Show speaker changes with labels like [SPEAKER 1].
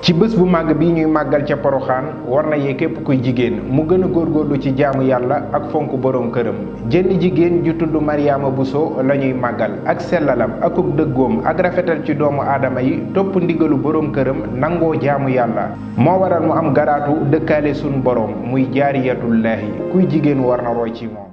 [SPEAKER 1] ci bés bu màgg bi ñuy màggal ca poroxaan war na yee képp kuy jigéen mu gën a góorlu ci jaamu yàlla ak fonk boroom këram jënn jigéen ju tudd Mariama Bousso la ñuy màggal ak sellalam akuk dëggoom ak rafetal ci doomu aadama yi topp ndigalu borom këram nangoo jaamu yàlla moo waral mu am garaatu dëkkaale sunu borom muy jaariyatullaahi
[SPEAKER 2] kuy jigéen war na roy ci moom